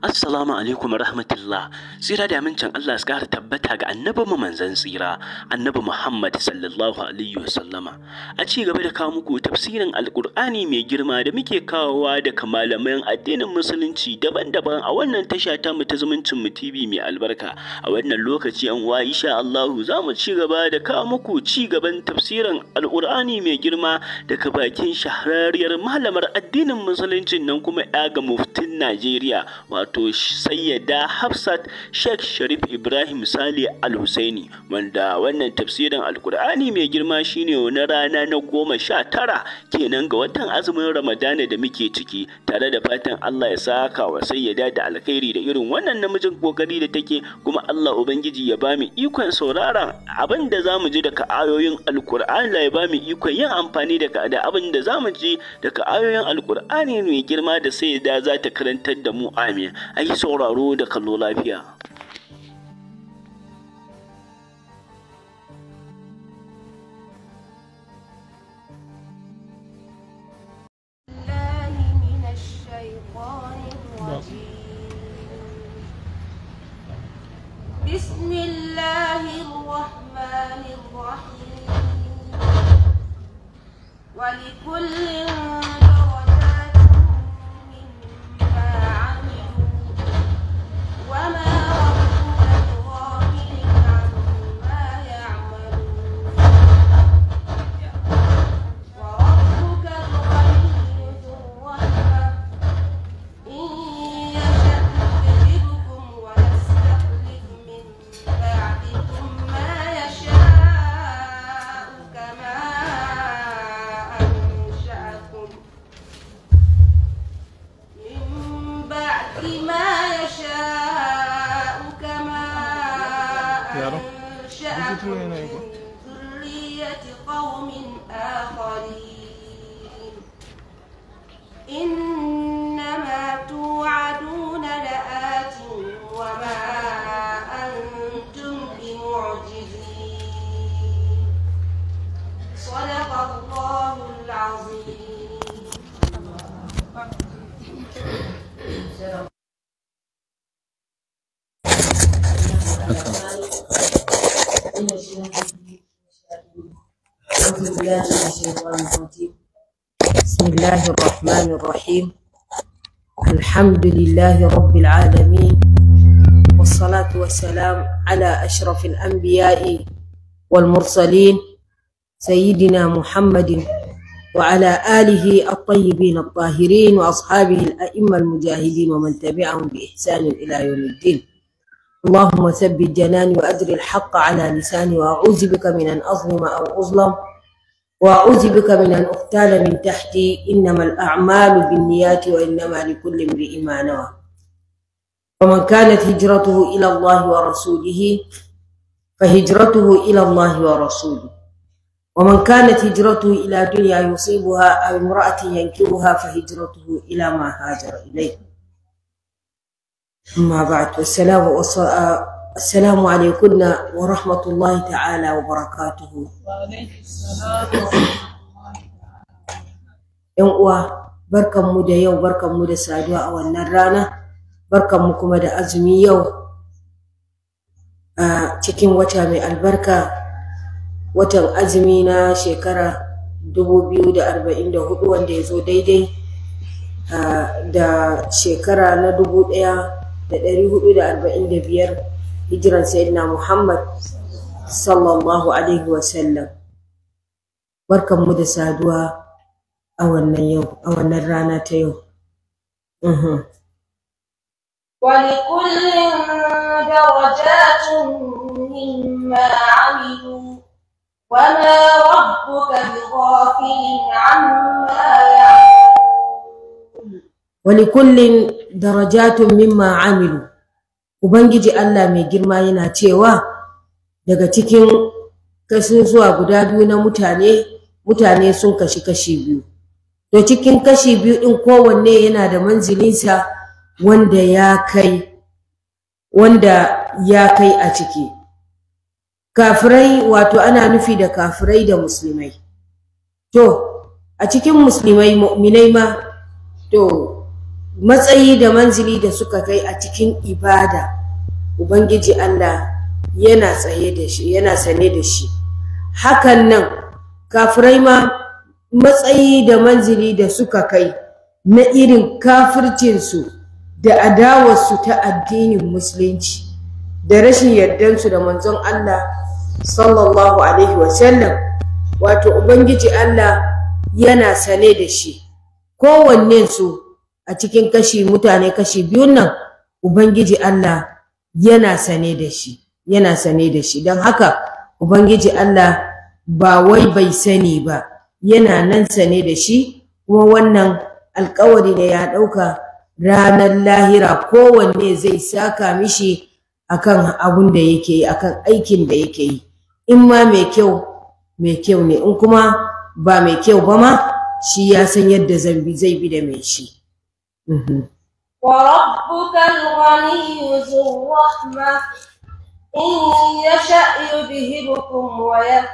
Assalamu alaikum rahmatullah. Tsira da amincin Allah su kara tabbata ga annabi mu manzan tsira, annabi Muhammad sallallahu alaihi wasallama. A ci gaba da kawo muku tafsirin Alƙur'ani mai girma da muke kawowa daga malaman addinin musulunci daban-daban a wannan tasha ta mu ta zumuncin mu TV mai albarka. A wannan lokaci an wa insha Allah za mu ci gaba da kawo muku ci gaban tafsirin Alƙur'ani mai girma daga bakin shahararriyar malamar addinin musulunci nan kuma ya ga muftin Najeriya wato sayyada hafsat sheikh sharif ibrahim sale al-husaini wanda wannan tafsirin alkur'ani mai girma shine na rana na goma sha tara kenan ga watan azumin ramadana da muke ciki tare da fatan allah ya saka wa sayyada da alkhairi da irin wannan namijin kokari da take kuma allah ubangiji ya bami ikon sauraron abin da zamu ji daga ayoyin alkur'ani ya bami ikon yin amfani da abin da zamu ji daga ayoyin alkur'ani mai girma da sayyada za ta karantar da mu amin Amin. ake sauraro da kallo lafiya. I mean. Uh, العظيم بسم الله الرحمن الرحيم الحمد لله رب العالمين والصلاة والسلام على أشرف الأنبياء والمرسلين سيدنا محمد وعلى آله الطيبين الطاهرين وأصحابه الأئمة المجاهدين ومن تبعهم بإحسان إلى يوم الدين اللهم ثبت جناني وأدري الحق على لساني وأعوذ بك من أن أظلم أو أظلم وأعوذ من أن أغتال من تحتي إنما الأعمال بالنيات وإنما لكل امرئ ما نوى فمن كانت هجرته إلى الله ورسوله فهجرته إلى الله ورسوله ومن كانت هجرته إلى دنيا يصيبها أو امرأة ينكبها فهجرته إلى ما هاجر إليه أما بعد والسلام والصلاة السلام عليكم ورحمة ta'ala wa وبركاته ‘Yan uwa, barkan mu da yau, barkan mu da saduwa a wannan rana, barkan mu kuma da azumi yau a cikin wata mai albarka, watan azumi na shekara 2044 wanda ya zo daidai da shekara na da ɗari biyar. هجرا سيدنا محمد صلى الله عليه وسلم بركم مدة سادوا او النيو او النرانا تيو اها ولكل درجات مما عملوا وما ربك بغافل عما يعملون ولكل درجات مما عملوا Ubangiji Allah mai girma yana cewa daga cikin zuwa guda biyu na mutane, mutane sun kashi kashi biyu. To cikin kashi biyu ɗin kowanne yana da manzilinsa wanda ya kai, wanda ya kai a ciki. Kafirai wato ana nufi da kafirai da musulmai. To, a cikin musulmai mu'minai ma, to matsayi da manzili da suka kai a cikin ibada ubangiji Allah yana tsaye da shi yana sane da shi hakan nan kafirai ma matsayi da manzili da suka kai na irin kafircinsu da adawarsu ta addinin musulunci da rashin yardansu da manzon Allah sallallahu alaihi wasallam wato ubangiji Allah yana sane da shi kowanne su a cikin kashi mutane kashi biyun nan ubangiji Allah yana sane da shi yana sane da shi don haka ubangiji Allah ba wai bai sani ba yana nan sane da shi kuma wannan alkawari da ya ɗauka ranar lahira kowanne zai saka mishi akan abun da yake yi akan aikin da yake yi in ma mai kyau mai kyau ne in kuma ba mai kyau ba ma shi ya san yadda zai bi da mai shi وربك الغني ذو الرحمة إن يشأ يذهبكم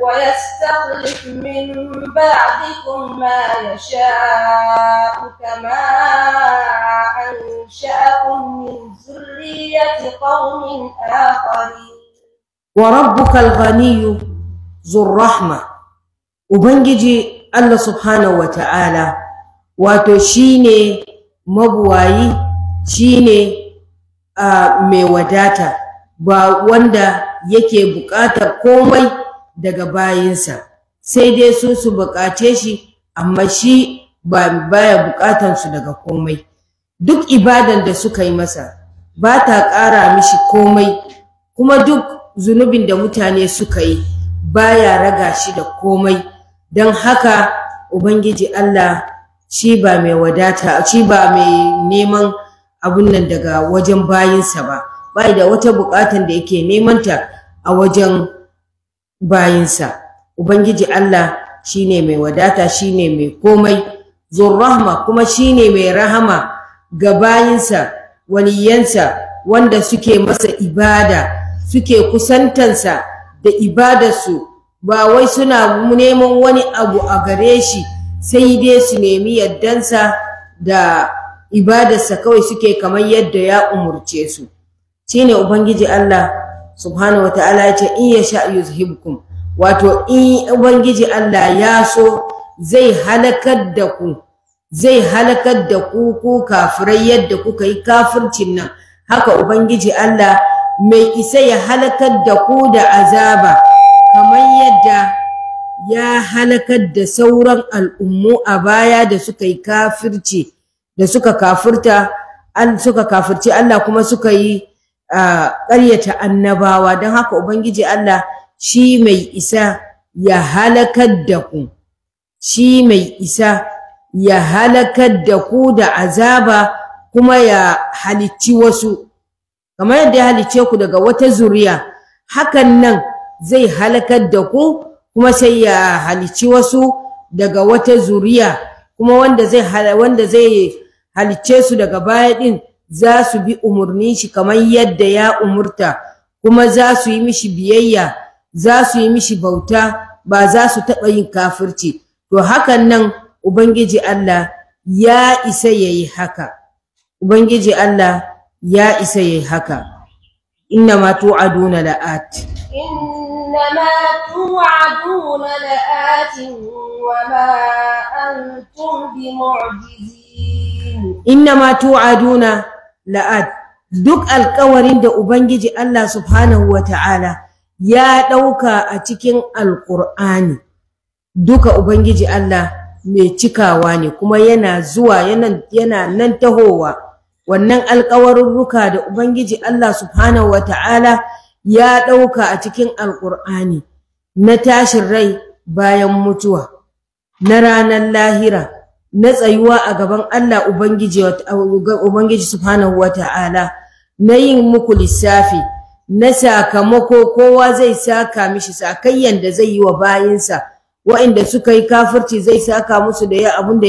ويستخلف من بعدكم ما يشاء كما أنشأكم من ذرية قوم آخرين وربك الغني ذو الرحمة وبنجي الله سبحانه وتعالى وتشيني mabuwayi shine a mai wadata ba wanda yake buƙatar komai daga bayinsa sai dai su su buƙace shi amma shi ba baya buƙatar su daga komai duk ibadan da suka yi masa ba ta ƙara mishi komai kuma duk zunubin da mutane suka yi baya raga shi da komai don haka ubangiji Allah shi ba mai wadata shi ba mai neman abun nan daga wajen bayinsa ba ba da wata bukatan da yake neman ta a wajen bayinsa ubangiji Allah shi ne mai wadata shi ne mai komai zurrahma kuma shi ne mai rahama ga bayinsa waliyansa wanda suke masa ibada suke kusantansa da ibadarsu ba wai suna neman wani abu a gare shi sai dai su nemi yaddansa da ibadarsa kawai suke kamar yadda ya umurce su shine ubangiji Allah subhanahu wataala ya ce in yasha yuzhibkum wato in ubangiji Allah ya so zai halakar da ku zai halakar da ku ku kafirai yadda kuka yi kafircin nan haka ubangiji Allah mai isa ya halakar da ku da azaba kamar yadda ya halakar da sauran al'ummu a baya da suka yi kafirci da suka kafirta an suka kafirci Allah kuma suka yi ƙaryata annabawa don haka ubangiji Allah shi mai isa ya halakar da ku shi mai isa ya halakar da ku da azaba kuma ya halicci wasu kamar yadda ya halicce ku daga wata zuriya hakan nan zai halakar da ku kuma sai ya halici wasu daga wata zuriya kuma wanda zai wanda zai halice su daga baya din za su bi umurnin shi kamar yadda ya umurta kuma za su yi mishi biyayya za su yi mishi bauta ba za su taɓa yin kafirci to hakan nan ubangiji Allah ya isa yayi haka ubangiji Allah ya isa yayi haka inna ma tu'aduna la'at إنما توعدون لآت وما أنتم بمعجزين إنما توعدون لآت duk alƙawarin da Ubangiji Allah subhanahu wa ta'ala ya ɗauka a cikin alƙur'ani duka Ubangiji Allah mai cikawa ne kuma yana zuwa yana nan tahowa wannan alƙawarurruka da Ubangiji Allah subhanahu wa ta'ala ya ɗauka a cikin alƙur'ani na tashin rai bayan mutuwa na ranar lahira na tsayuwa a gaban Allah Ubangiji Ubangiji subhanahu wata'ala na yin muku lissafi na sakamako kowa zai saka mishi sakayyan da zai yi wa bayinsa wa'inda suka yi kafirci zai saka musu da abin da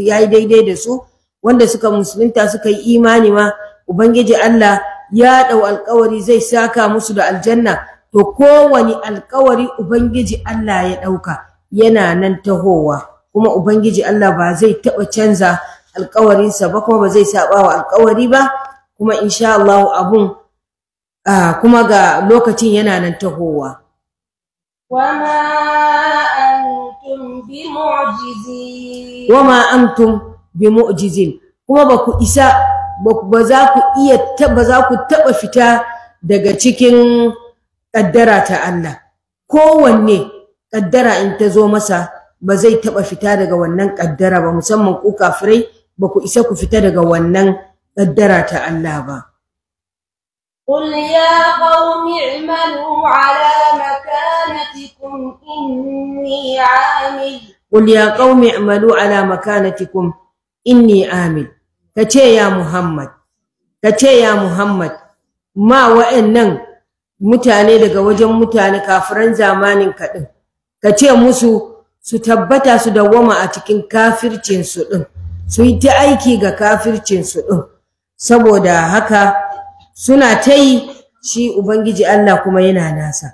ya yi daidai da su wanda suka musulunta suka yi imani ma Ubangiji Allah ya dau alƙawari zai saka musu da aljanna to kowani alkawari ubangiji Allah ya ɗauka, yana nan tahowa kuma ubangiji Allah ba zai taba canza alƙawarinsa ba kuma ba zai saba wa alƙawari ba kuma insha Allah abun kuma ga lokacin yana nan tahowa wama antum mu'jizin. wama antum mu'jizin kuma ba ku isa ba za ku iya ba za ku taɓa fita daga cikin ƙaddara ta Allah kowanne ƙaddara in ta zo masa ba zai taɓa fita daga wannan ƙaddara ba musamman ku kafirai ba ku isa ku fita daga wannan ƙaddara ta Allah ba قل يا قوم اعملوا على مكانتكم إني عامل قل يا قوم اعملوا على مكانتكم إني عامل ka ce ya Muhammad ka ce ya Muhammad ma wa'annan mutane daga wajen mutane kafiran zamanin ka din ka ce musu su tabbata su dawwama a cikin kafircinsu ɗin, din su yi ta aiki ga kafircinsu ɗin, saboda haka suna ta shi ubangiji Allah kuma yana nasa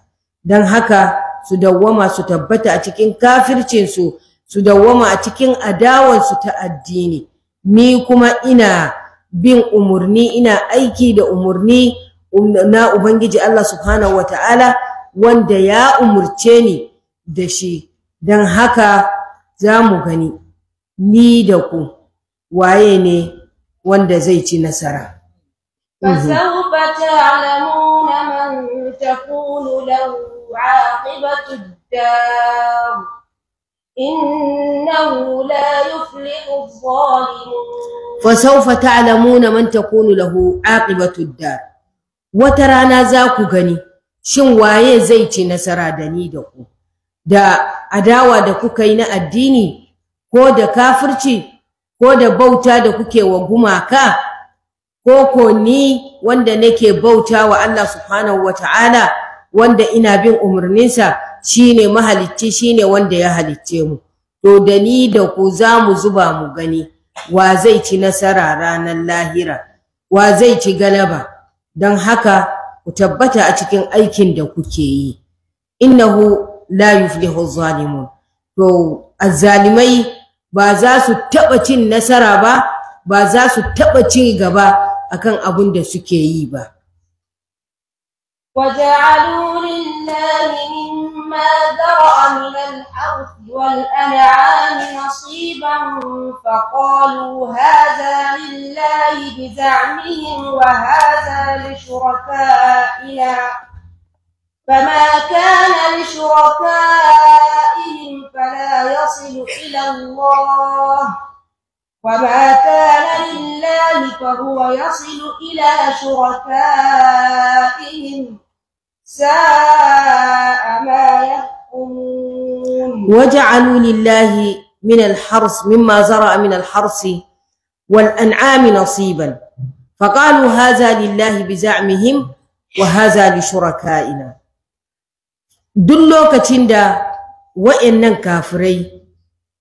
don haka su dawwama su tabbata a cikin kafircinsu su su dawwama a cikin adawansu ta addini ni kuma ina bin umurni ina aiki da umurni na ubangiji Allah subhanahu wataala wanda ya umurce ni da shi don haka za mu gani ni da ku waye ne wanda zai ci nasara فسوف تعلمون من تكون له عاقبة الدار إنه لا يفلح الظالمون فسوف تعلمون من تكون له عاقبة الدار وترانا ذاك غني shin waye zai ci nasara da ni da ku da adawa da kuka yi na addini ko da kafirci ko da bauta da kuke wa gumaka ko ko ni wanda nake bauta wa Allah subhanahu wanda ina bin umarninsa shine mahalicci shine wanda ya halicce mu to da ni da ku za mu zuba mu gani wa zai ci nasara ranar lahira wa zai ci galaba don haka ku tabbata a cikin aikin da kuke yi innahu la yuflihu zalimun to azzalimai ba za su taɓa cin nasara ba ba za su taɓa ci gaba akan abin da suke yi ba وجعلوا لله مما ذرأ من الحرث والأنعام نصيبا فقالوا هذا لله بزعمهم وهذا لشركائنا فما كان لشركائهم فلا يصل إلى الله وما كان لله فهو يصل إلى شركائهم ساء ما يحكمون وجعلوا لله من الحرث مما زرع من الحرث والأنعام نصيبا فقالوا هذا لله بزعمهم وهذا لشركائنا duk lokacin da wa'annan kafurai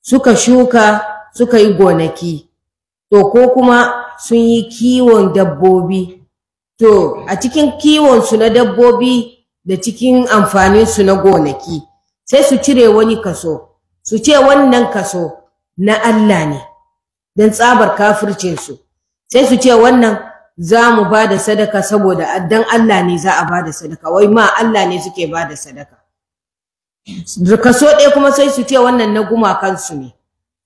suka shuka suka yi gonaki to ko kuma sun yi kiwon dabbobi to a cikin kiwon su na dabbobi da cikin amfaninsu na gonaki sai su cire wani kaso su ce wannan kaso na Allah ne dan tsabar su, sai su ce wannan za mu ba da sadaka saboda don Allah ne za a ba da sadaka wai ma Allah ne suke ba da sadaka kaso ɗaya kuma sai su ce wannan na gumakansu ne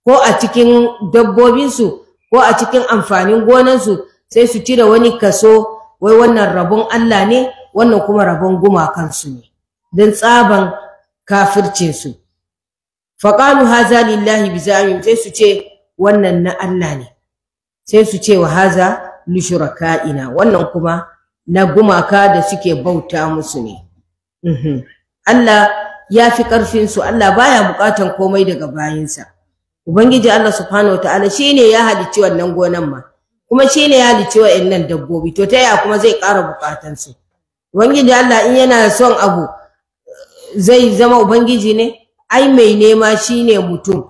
ko a cikin dabbobinsu ko a cikin amfanin gonansu sai su cire wani kaso wai wannan rabon Allah ne wannan kuma rabon gumakansu ne don tsaban kafircinsu faƙalu haza lillahi bi za'amin sai su ce wannan na Allah ne sai su ce wa haza li shuraka'ina wannan kuma na gumaka da suke bauta musu ne mhm. Allah ya fi ƙarfinsu Allah baya buƙatan komai daga bayinsa ubangiji Allah subhanahu shi ne ya halicci wannan gonan ma kuma shine ya halicci wa'annan dabbobi to ta yaya kuma zai ƙara buƙatansu su ubangiji Allah in yana son abu zai zama ubangiji ne ai mai nema shine mutum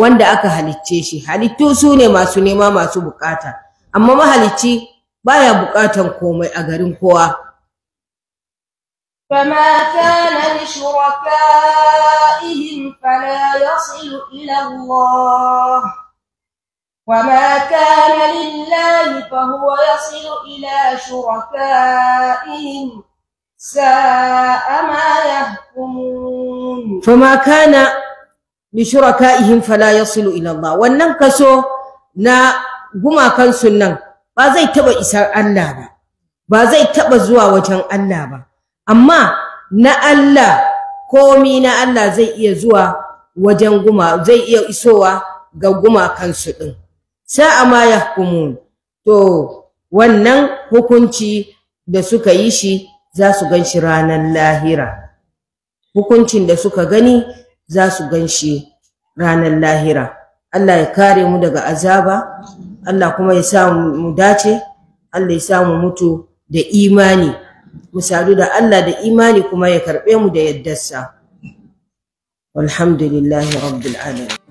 wanda aka halicce shi halittu su ne masu nema masu bukata amma mahalicci baya bukatan komai a garin kowa فما كان لشركائهم فلا يصل إلى الله وما كان لله إلى شركائهم ساء ما يحكمون فما كان لشركائهم فلا يصل إلى الله wannan kaso na gumakan sunnan ba zai taba isar Allah ba ba zai taba zuwa wajen Allah ba amma na Allah komi na Allah zai iya zuwa wajen guma zai iya isowa ga gumakan su din sa'a ma yahkumun to wannan hukunci da suka yi shi za su gan shi ranar lahira hukuncin da suka gani za su gan shi ranar lahira Allah ya kare mu daga azaba Allah kuma ya sa mu dace Allah ya sa mu mutu da imani mu sadu da Allah da imani kuma ya karɓe mu da yaddarsa walhamdulillahi rabbil alamin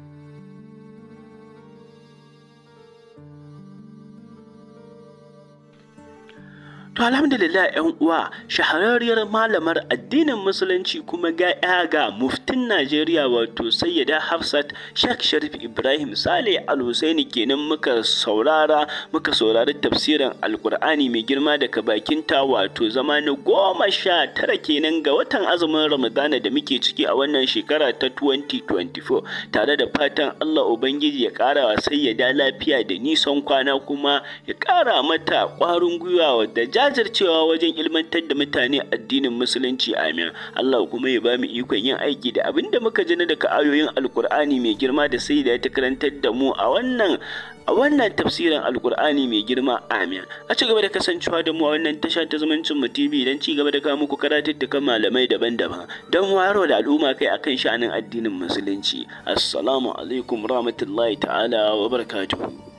To alhamdulillah ‘yan uwa shahararriyar malamar addinin musulunci kuma ga ga muftin Najeriya wato Sayyida Hafsat Sheikh Sharif Ibrahim Saleh Al Husaini kenan muka saurara muka saurari tafsirin Alkur'ani mai girma daga bakin ta wato zama na goma sha tara kenan ga watan azumin Ramadana da muke ciki a wannan shekara ta 2024 tare da fatan Allah Ubangiji ya ƙara wa Sayyida lafiya da nisan kwana kuma ya ƙara mata ƙwarin gwiwa da jajircewa wajen ilmantar da mutane addinin musulunci amin Allah kuma ya bamu ikon yin aiki da abin da muka ji daga ayoyin alkur'ani mai girma da sai da ya ta karantar da mu a wannan a wannan tafsirin alkur'ani mai girma amin a ci gaba da kasancewa da mu a wannan tasha ta zumuncin mu tv don ci gaba da kawo muku kan malamai daban-daban don waro da al'umma kai akan sha'anin addinin musulunci assalamu alaikum rahmatullahi ta'ala wa barakatuhu